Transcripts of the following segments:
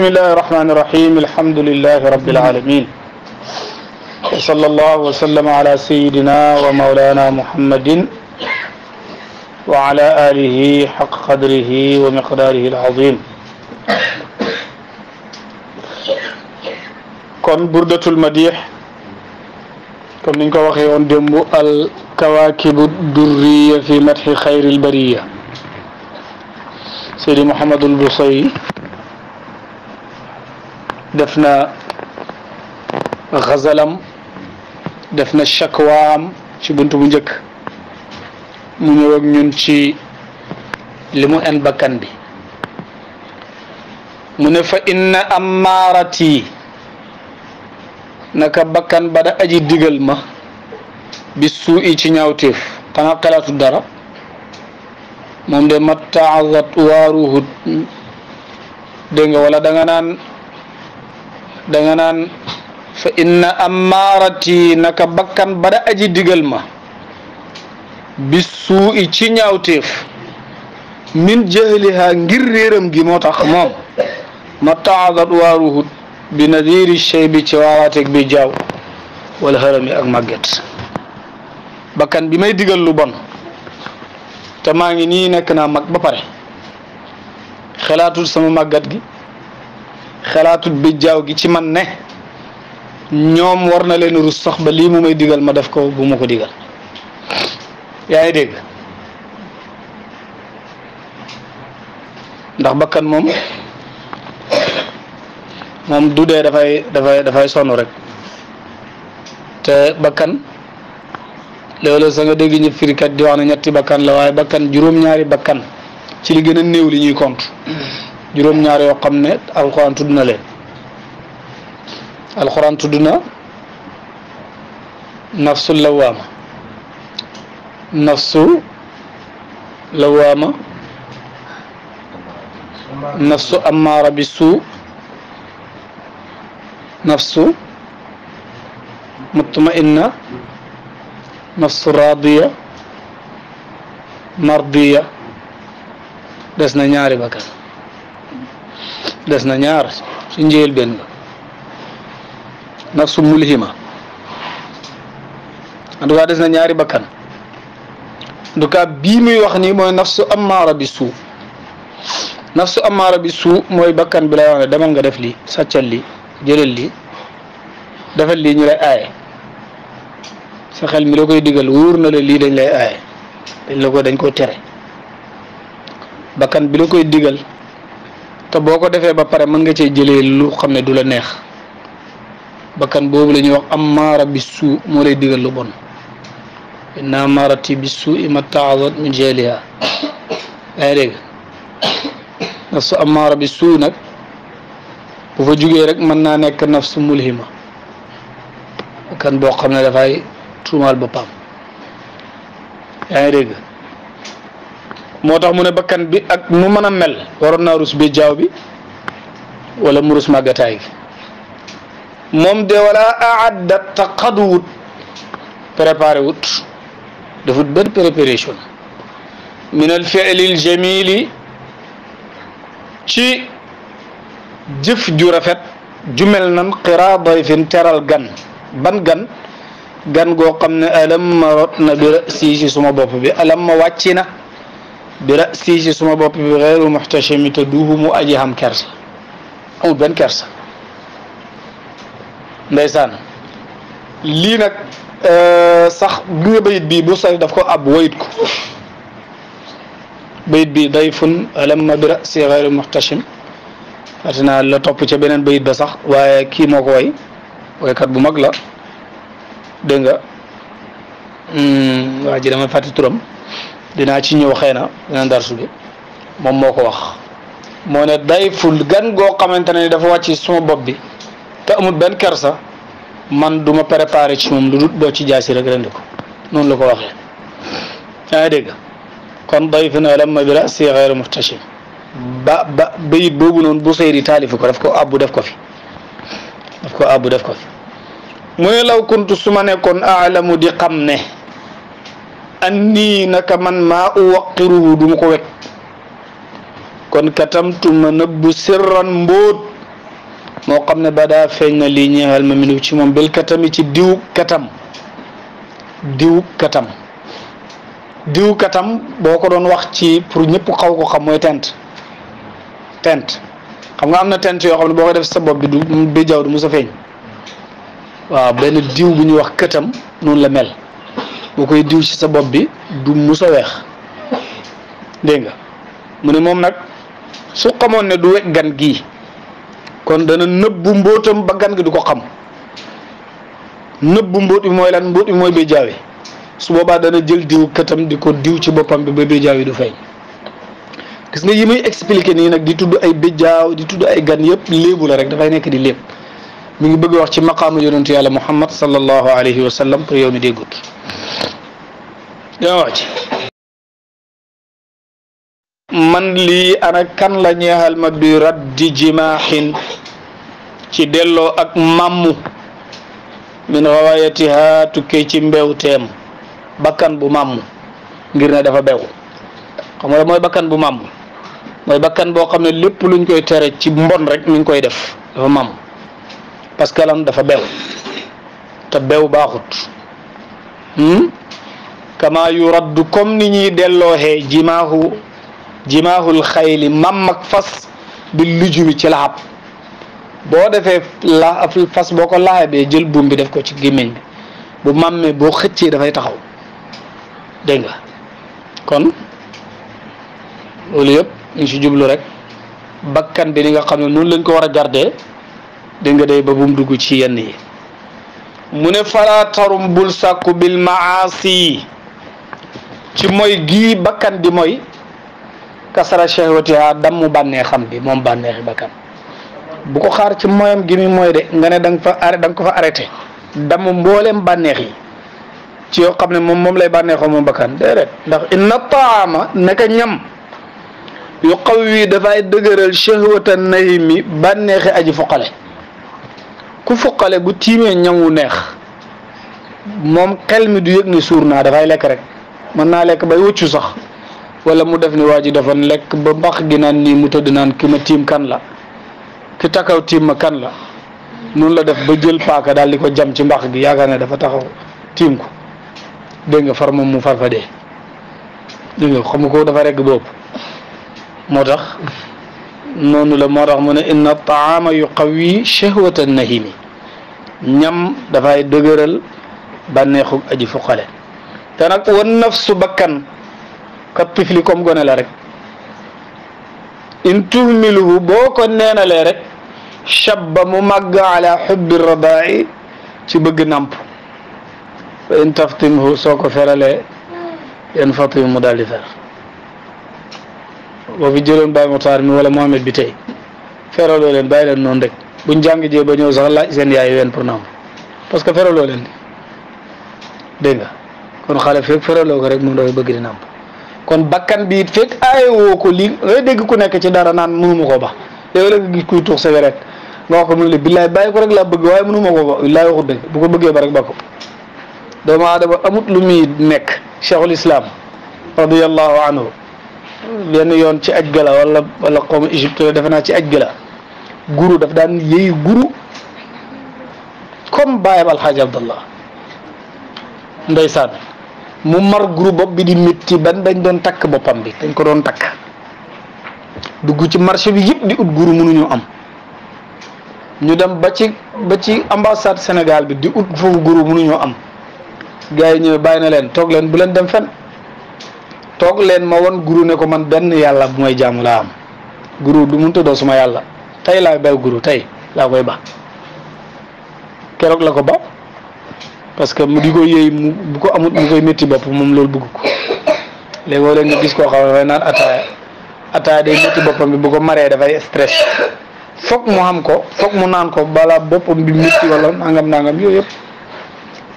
بسم الله الرحمن الرحيم الحمد لله رب العالمين وصلى الله وسلم على سيدنا ومولانا محمد وعلى آله حق قدره ومقداره العظيم كن بردة المديح كن نكو وخيون دمو الكواكب الدرية في مدح خير البرية سيدي محمد البصيري def na xazalam def na chakwaam ci bunt bu njëkk mu ñëw ñun ci limu en bakkan bi mu ne fa inna ammaarati naka bakkan ba da aji digal ma bi suu i ci ñaawteef xanaa xalaatu dara moom de mattaazat waaruhut dégg nga wala da nga naan danga naan fa inna ammaarati naka bakkan bada aji digal ma bis i ci ñaawteef min jahliha ngir réeram gi moo tax moom ma taadat waaruhut bi nadiri chey bi ci waaraateeg bi jaaw wala xërami ak màgget bakkan bi may digal lu bon te maa ngi nii nekk naa mag ba pare xalaatul sama màggat gi xalaatut bi jaaw gi ci man ne ñoom war na leen rus sax ba lii mu may digal ma def ko bu ma ko digal yaa ngi dégg ndax bakkan moom moom du dee dafay dafay dafay sonn rek te bakkan loolu sa nga di wax ne ñetti bakkan la waaye bakkan juróom-ñaari bakkan ci li gën a néew li ñuy compte juróom-ñaar yoo xam ne alxuraan tudd na leen alxuraan tudd na nafsu lawaama nafsu lawaama nafsu amaara bi suu nafsu mutmainna nafsu raadiya mardiya des na ñaari bakkan des na ñaar ci njël benn nafsu mulhima en des na ñaari bakkan en bii muy wax nii mooy nafsu amaara bi suu nafsu amaara bi suu mooy bakkan bi lay wax ne demal nga def lii sàccal li jëlal li defal li ñu lay aaye sa xel mi la koy digal wóor na la lii dañ lay aaye dañ la ko dañ koo tere bakkan bi la koy digal te boo ko defee ba pare mën nga cee jëlee lu xam ne du la neex ba kan boobu la ñuy wax am maara bi suu moo lay digal lu bon naa maarati bi suu ima taazat min jeliha yaa ngi dégg nafsu am maara bi suu nag bu fa jugee rek mën naa nekk nafsu mulhima kan boo xam ne dafay tuumaal boppam yaa ngi dégg moo tax mu ne bakkan bi ak nu mën a mel waroon naa rus bi jaaw bi wala mu rus màggataay gi moom de wala aadda taqadu wut préparé wut dafut benn préparation min al fi'lil ci jëf ju rafet ju mel nan qiraa dayfin gan ban gan gan goo xam ne alam ma rot na suma bopp bi alam ma na bi rasi ci suma bopp bi xeeru muxtachimi te duuhu mu aji xam kersa amul benn kersa ndeysaan lii nag euh, sax du nga bayit bii bu sari daf ko ab wayit ko bayit bi dayfun alamma bi rasi xeeru muxtachim atinaa la topp ca beneen bayit ba sax waaye kii moo ko way waykat bu mag la dégg nga hmm, waa turam dinaa ci ñëw xëy na dina darsu bi moom moo ko wax moo ne dayful gan goo xamante ne dafa ci suma bopp bi te amul benn kersa man du ma préparé ci moom lu dul boo ci jaasi rek rendi ko noonu la ko waxee yaa ngi dégg kon dayfun alamma bi rasi xayra muhtashim ba ba bayit boobu noonu bu seyri taalifi ko daf ko abbu def ko fi daf def ko fi law kuntu su ma nekkoon aalamu di xam ne anni naka man maa uwaqiruhu du ma ko wekk kon katam katamtu ma nëbbu sirran mbóot moo xam ne badaa feeñ na lii ñeexal ma minu ci moom bil katami ci diw katam diw katam diw katam boo ko doon wax ci pour ñépp xaw ko xam mooy tent tent xam nga am na tent yoo xam ne boo ko def sa bopp bi du bi jaw du mu sa feeñ waaw benn diw bu ñuy wax këtam noonu la mel nga koy diw ci sa bop bi du musa wex dégg nga mu ne moom su xamone du wek gan gi kon dana nëbbu mbotam ba gan gi du ko xam nëbbu mbóot bi lan mbóot bi be jawi su boba dana jël diw katam di ko diw ci bopam bi be be jawi du fay gis nga yimuy expliquer ni nak di tuddu ay béjjaaw di tuddu ay gan yep lebu la rek fay nek di leb mi ngi bëgg wax ci maqamu yaronte yalla muhammad sallallahu alayhi wa sallam pour yow mi degut dama man li ana kan la ñeexal ma bi raddi jimaaxin ci dello ak mamu, min rawayatiha tukkee ci mbew tem bakkan bu mamu, ngir ne dafa bew xam nga mooy bakkan bu mamu, mooy bakkan boo xam ne lépp luñ koy tere ci mbon rek mi ngi koy def dafa mamu parce que lan dafa bew te bew baaxut hmm? kama radd comme ni ñuy dellooxee jimaahu jimaaxul xayli mam ak fas bi lujumi ci laxab boo defee la fas boo ko laxabee jël buum bi def ko ci gémmiñ bi bu mammee boo xëccee dafay taxaw dégg nga kon loolu yëpp ñu si jublu rek bakkan bi ni nga xam ne noonu lañ ko war a garder dégg nga day ba bu mu dugg ci yenn yi mu ne falaa bul sàkku bil maasi ci mooy gii bakkan di mooy kasara shahwatiha damm bànneexam bi moom bànneexi bakkan bu ko xaar ci mooyam gi muy mooy de nga ne da fa arrêté da ko fa arrêté damm mbooleem bànneex yi ci yoo xam ne moom moom lay bànneexoo moom bakkan déedéet ndax inna taama naka ñam yu xaw wii dafay dëgëral shahwata nahimi bànneexi aji fuqale ku fuqale bu tiimee ñam wu neex moom xel mi du yëg ni suur naa dafay lekk rek mën naa lekk bay wuccu sax wala mu def ni waa ji dafa lekk ba mbax gi naan nii mu tëdd naan ki ma tiim kan la ki takaw tiim ma kan la noonu la def ba jël paaka daal di ko jam ci mbax gi yaakaar ne dafa taxaw tiim ko dégg nga far moom mu far fa dee dégg nga ko dafa rekk boobu moo tax noonu la moo tax mu ne inna taama yuqawi shahwata nahimi ñam dafay dëgëral bànneexu aji fuqale te wan nafsu bakkan kat tifli comme gone la rek in tuhmiluhu boo ko neenalee rek shabba mu màgg ala ci bëgg nàmp wa in taftimhu soo ko feralee yan mu daal di fer boo fi jëloon Baye Moutar mi wala Mohamed bi tey feraloo leen bàyyi leen noonu rek buñ jàng jee ba ñëw sax laaj seen yaay ween pour nàmp parce que feraloo leen dégg nga kon xale fekk faraloo ko rek moom dafay kon bakkan bi it fekk aayewoo ko lii ngay dégg ku nekk ci dara naan mënuma ko ba léegi rek gis kuy tuux cigarette nga wax ko mu ne la billaay bàyyi ko rek bëgg waaye mënuma ko ba billaay bu ko bëggee ba rek ba ko doomu aadama amut lu muy nekk cheikhul islam radiallahu anhu benn yoon ci aj gala wala wala defe naa ci aj gala guru daf daan yëy guru comme bàyyam alxaaji abdallah ndeysaan mu mar guru bopp bi di métti ban dañ doon takk boppam bi dañ ko doon takk dugg ci marché bi yëpp di ut guru mënuñu am ñu dem ba ci ba ci ambassade Sénégal bi di ut foofu guru mënuñu am gars yi ñëwee bàyyi na leen toog leen bu leen dem fen toog leen ma won guru ne ko man benn yàlla bu may jaamu laa am guru du mun doo suma yàlla tey laay bay guru tey laa koy ba keroog la ko ba parce que mu di ko mu bu ko amut mu koy métti bopp moom loolu bëgg ko léegoo leen nga gis koo xam naan ataaya ataaya day boppam bi bu ko maree dafay stress foog mu xam ko foog mu naan ko balaa boppam bi métti wala nangam nangam yooyu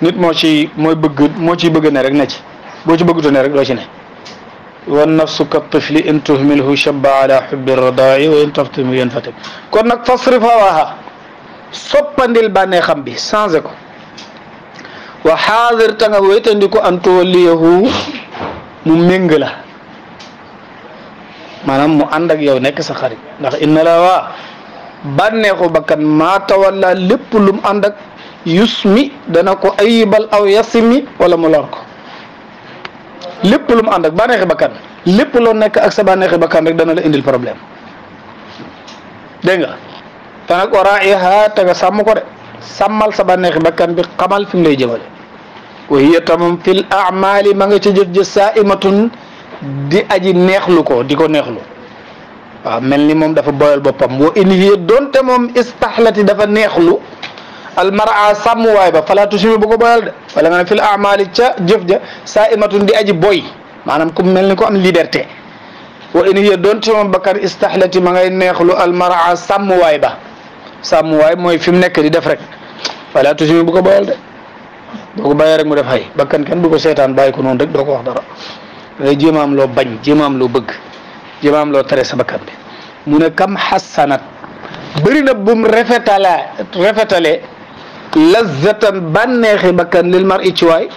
nit moo ci mooy bëgg moo ciy bëgg ne rek ne ci boo ci bëggutu ne rek doo ci ne wan nafsu ka tifli in tuhmilhu shabba ala hubbi radaa'i wa in taftimu yanfatik kon nag fasrif hawaaha soppandil bànnee xam bi changé ko wa xaadir ta nga wéytandiku an tuwalliyahu mu méng la maanaam mu ànd ak yow nekk sa ndax inna la waa bànneexu bakkan maa tawalla lépp lu mu ànd ak yusmi dana ko ayibal aw yasimi wala mu lor ko lépp lu mu ànd bakkan lépp loo nekk ak sa bànneexi bakkan rek dana la indil problème dégg nga te nag waraa'ihaa de. سمال سبانيخ بكان بي قمال فين لي جبل وهي تمام في الاعمال ما نجي جير جي سائمه دي ادي نيخلوكو ديكو نيخلو وا آه، ملني موم دا فا بويل بوبام و ان هي دونت موم استحلتي دا فا نيخلو المرعى سم واي با فلا تشمي بوكو بويل دا ولا ما في الاعمال تشا جف جا سائمه دي ادي بوي مانام كوم ملني كو ام ليبرتي وإن هي دونت يوم بكر استحلتي ما غير نيخلو المرعى سم واي sàmm waay mooy fi mu nekk di def rek wala toujours bu ko bayal de boo ko bayee rek mu def xay bakkan kenn bu ko seetaan bàyyi ko noonu rek doo ko wax dara day jéem a am loo bañ jéem a am loo bëgg jéem a am loo tere sa bakkan bi mu ne kam xasanat bëri na bum rafetala rafetale lazzatan bànneexi bakkan lil mar i ci waay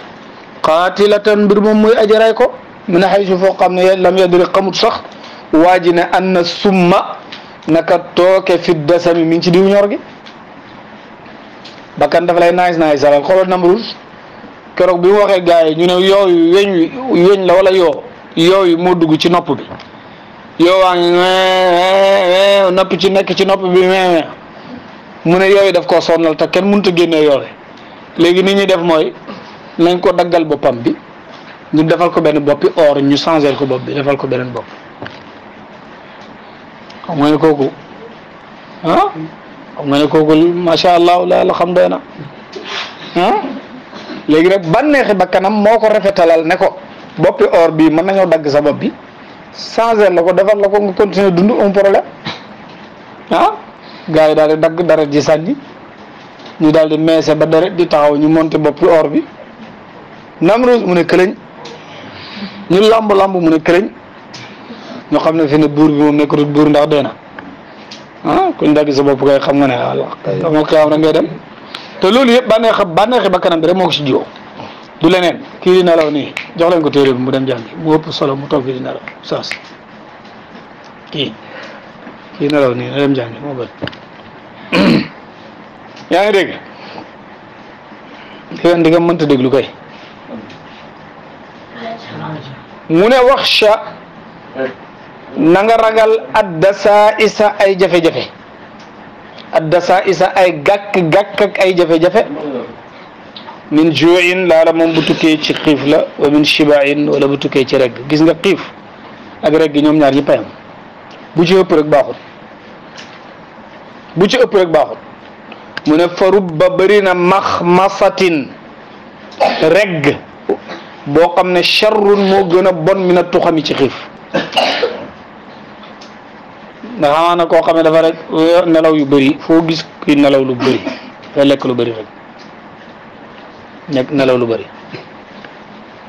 qaatilatan mbir moom muy ajaray ko mu ne xay su foo xam ne lam yadri xamut sax waa ji ne an na summa naka tooke fit dasami mi ngi ci diw ñor gi bakkan daf lay naaj naaj salal xoolal Namruud keroog bi mu waxee gars yi ñu ne yooyu weñ wi weñ la wala yoo yooyu moo dugg ci nopp bi yoo waa ci nekk ci nopp bi mu ne yooyu daf koo sonnal te kenn mun a génnee yooyu léegi ni ñuy def mooy nañ ko daggal boppam bi ñu defal ko benn boppi or ñu changer ko bopp bi defal ko beneen bopp. xam nga kooku ah xam nga ne kooku macha allah la yàlla xam doy na ah léegi nag bànneexi bakkanam moo ko rafetalal ne ko boppi or bii mën nañoo dagg sa bopp bi changer la ko defal la ko nga continuer dund un problème ah gars yi daal di dagg dara ji sànni ñu daal di meese ba dara di taxaw ñu monter boppi or bi namrus mu ne këleñ ñu lamb lamb mu ne këleñ. ñu xam ne fi buur bi moom nekkatul buur ndax dee na ah kuñ dagg sa bopp kay xam nga ne Allah kay amoo xiyaam rek ngay dem te loolu yëpp bànneex ba kanam bi rek moo ko si jiwoo leneen kii di nelaw nii jox leen ko téere bi mu dem jàngi mu ëpp solo mu toog fi di nelaw saas kii na dem jàngi moo gën yaa ngi dégg yoon di nga mënta déglu kay mu ne wax nanga nga ragal addasaa isa ay jafe-jafe addasaa isa ay gàkk-gàkk ay jafe-jafe min juin laala moom bu tukkee ci xiif la wa min shibain wala bu tukkee ci regg gis nga xiif ak regg ñoom ñaar ñëpp yam bu ci ëpp rek ci ëpp rek mu ne farub ba bëri na max masatin regg boo xam ne charrun moo gën a bon mi na tuxami ci xiif ndax amaana koo xam ne dafa rek nelaw yu bari foo gis kuy nelaw lu bëri day lekk lu bari rek nekk nelaw lu bari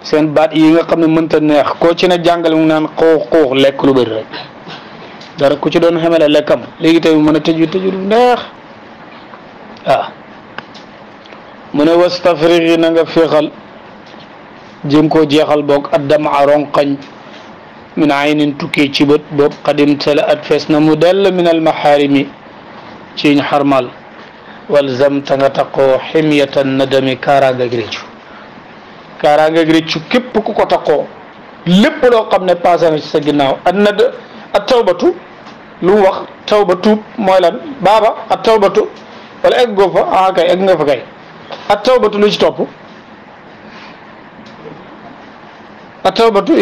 seen baat yi nga xam ne mënta neex koo ci ne jàngale mu naan xuux xuux lekk lu bëri rek dara ku ci doon xamele lekkam léegi tey mën a tëju tëju lu neex waaw ah. mu ne wastafrixi na nga féexal jéem koo jeexal boog addama ronqañ min aynin ci bët boobu xadim tala at na mu dell min al maxaarimi ciñ xarmal walzam ta nga taqoo ximyatan nadami kaaraangag réccu kaaraangag ku ko taqoo lépp loo xam ne passé na ci sa ginnaaw ak nad tawbatu lu mu wax tawba tuub mooy lan baaba ak wala egg fa ah kay egg fa kay ak tawbatu lu ci topp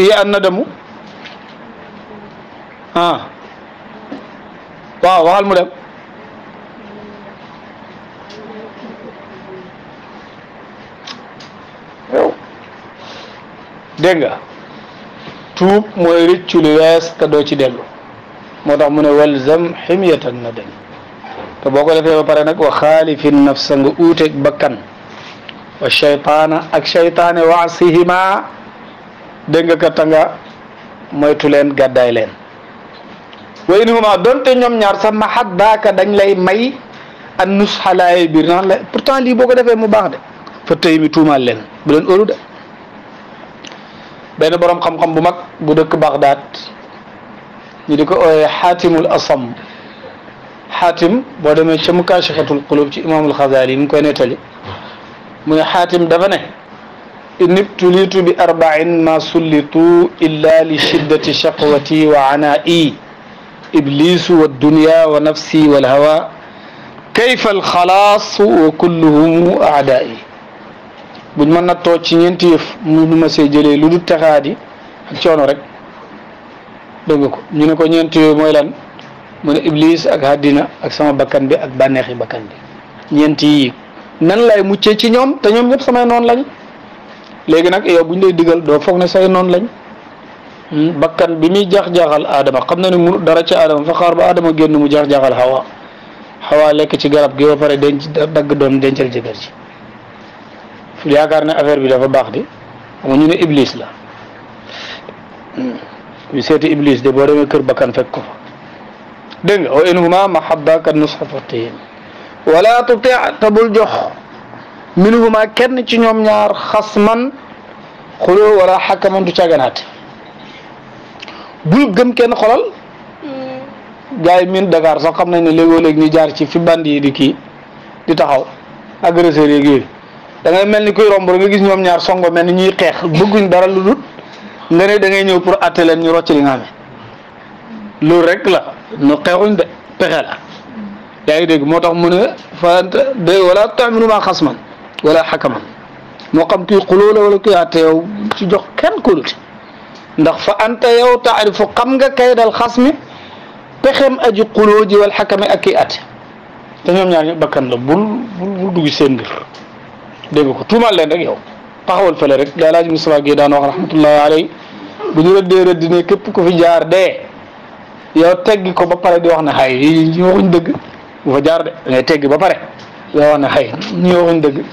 yi an வா வால்முடம் dégg nga tuub mooy rëccu lu wees te doo ci dellu moo tax mu ne walzam ximyatan na dañ te boo ko defee ba pare nag wa xaalifin nafsa nga uuteeg bakkan wa cheytaana ak cheytaane waasihima dégg nga ka tanga moytu leen gàddaay leen wa in huma donte ñoom ñaar sax ma xat daaka dañ lay may an nusxa laaye biir naan la pourtant lii boo ko defee mu baax de fa tey mi tuumaal leen bu leen óolu de benn borom xam-xam bu mag bu dëkk Bagdad ñu di ko ooyee xaatimul asam xaatim boo demee ca mukaashafatul qulub ci imaamul xazaali yi ñu koy nettali mu ne xaatim dafa ne inibtulitu bi ba ma sullitu illa li shiddati shaqwati wa anaa'i iblisu wa dunya wa nafsi wal hawa kayfa al xalaas wa kulluhum aadaai buñ mën na toog ci ñeenti yëf mënu ma see jëlee lu dul texaadi ak coono rek dégg ko ñu ne ko ñeenti yooyu mooy lan mu ne ak àddina ak sama bakkan bi ak bànneexi bakkan bi ñeenti yii nan lay muccee ci ñoom te ñoom ñëpp samay noonu lañ léegi nag yow buñ lay digal doo foog ne say noonu lañ Hmm? bakkan bi muy jax-jaxal aadama xam na ne mu dara ci aadama fa xaar ba aadama génn mu jax-jaxal xawa xawa lekk ci garab gi ba pare denc dagg doom dencal jëkkër ji yaakaar ne affaire bi dafa baax di ama ñu ne iblis la ñu hmm. seeti iblis de boo demee kër bakkan fekk ko fa dégg nga wa in huma mahabba ka nusxa wala tuti te jox min kenn ci ñoom ñaar xasman xuloo wala xakaman du caganaate bul gëm kenn xolal hmm. gars yi miin Dakar soo xam nañ ne léegoo léeg ñu jaar ci fi bandi yi di kii di taxaw agresseurs yeeg yooyu da ngay mel ni kuy romb rek nga gis ñoom ñaar songo mel ni ñuy xeex bëgguñ dara lu dul nga ne da ñëw pour àtte leen ñu rocci li nga xam ne rek la nu xeexuñ de pexe la yaa ngi dégg moo tax mu ne faante de wala taamiru maa xasman wala xakaman moo xam kuy xuloo la wala kuy àtte yow ci jox kenn kóolute ndax fa anta yow taarifu xam nga kaydal dal mi pexem aji xuloo ji wal xakame ak at ate te ñoom ñaar ñu bakkan la bul bul bul dugg seen mbir dégg ko tuumaal leen rek yow taxawal fële rek daa laaj Moustapha Guèye daan wax rahmatullahi aley bu ñu rëddee rëdd ne képp ku fi jaar dee yow teggi ko ba pare di wax ne xay ñu dëgg jaar teggi ba pare di wax ne xay ñu waxuñ dëgg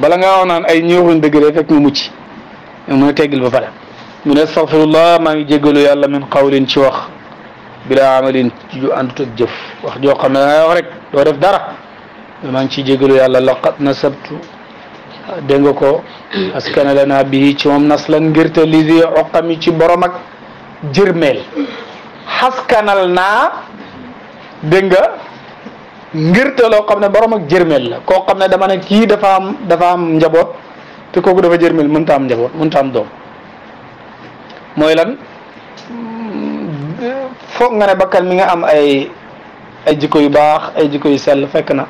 bala nga wax naan ay ñu waxuñ dëgg de fekk mu mucc mooy teggil ba pare mu ne astagfirullah maa ngi jéggalu yàlla min qawlin ci wax bila amalin ju àndut ak jëf wax joo xam ne da ngay wax rek doo def dara maa ngi ciy jéggalu yàlla laqad nasabtu dégg nga ko askana lana bii ci moom naslan ngir te lisi oqami ci borom ak jërmeel xaskanal naa dégg nga ngir te loo xam ne borom ak jërmeel la koo xam ne dama ne kii dafa am dafa am njaboot te kooku dafa jërmeel mënta am njaboot mënta am doom mooy lan foog nga ne bakkan mi nga am ay ay jikko yu baax ay jikko yu sell fekk na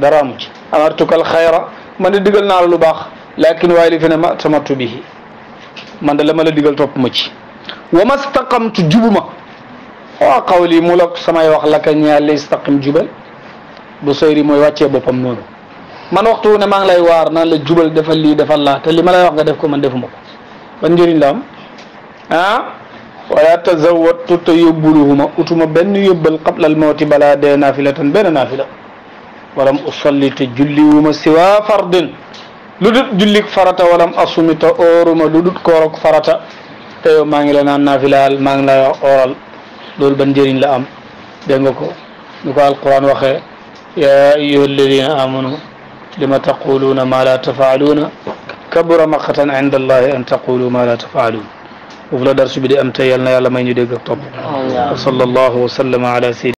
dara amu ci amartukal xayra man de digal naa lu baax lakin waaye li fi ne ma tamattu bihi man de la ma la digal topp ma ci wa ma staqamtu jubuma waa qawli mu la samay wax laka ñeel li staqim jubal bu soyri mooy wàccee boppam noonu man waxtu ne maa ngi lay waar naan la jubal defal lii defal laa te li ma lay wax nga def ko man defuma ko ban njëriñ la am ah wala tazawattu te yóbbuluhuma utuma benn yóbbal qablal mawti balaa dee naafila tan benn naafila walam usalli te julliwuma siwa fardin lu dut jullik farata walam asumi te ooruma lu dut koorok farata te yow maa ngi la naan naafilaal maa ngi la ooral loolu ban njëriñ la am dégg nga ko ñu ko alquran waxee yaa ayuha alladina amanu lima taquluuna ma la tafaaluuna kabura maqatan inda allahi an taqulu ma la tafaaluun وفي الدرس بدي أمتي يلنا يا لما ينجدك الطب صلى الله وسلم على سيدنا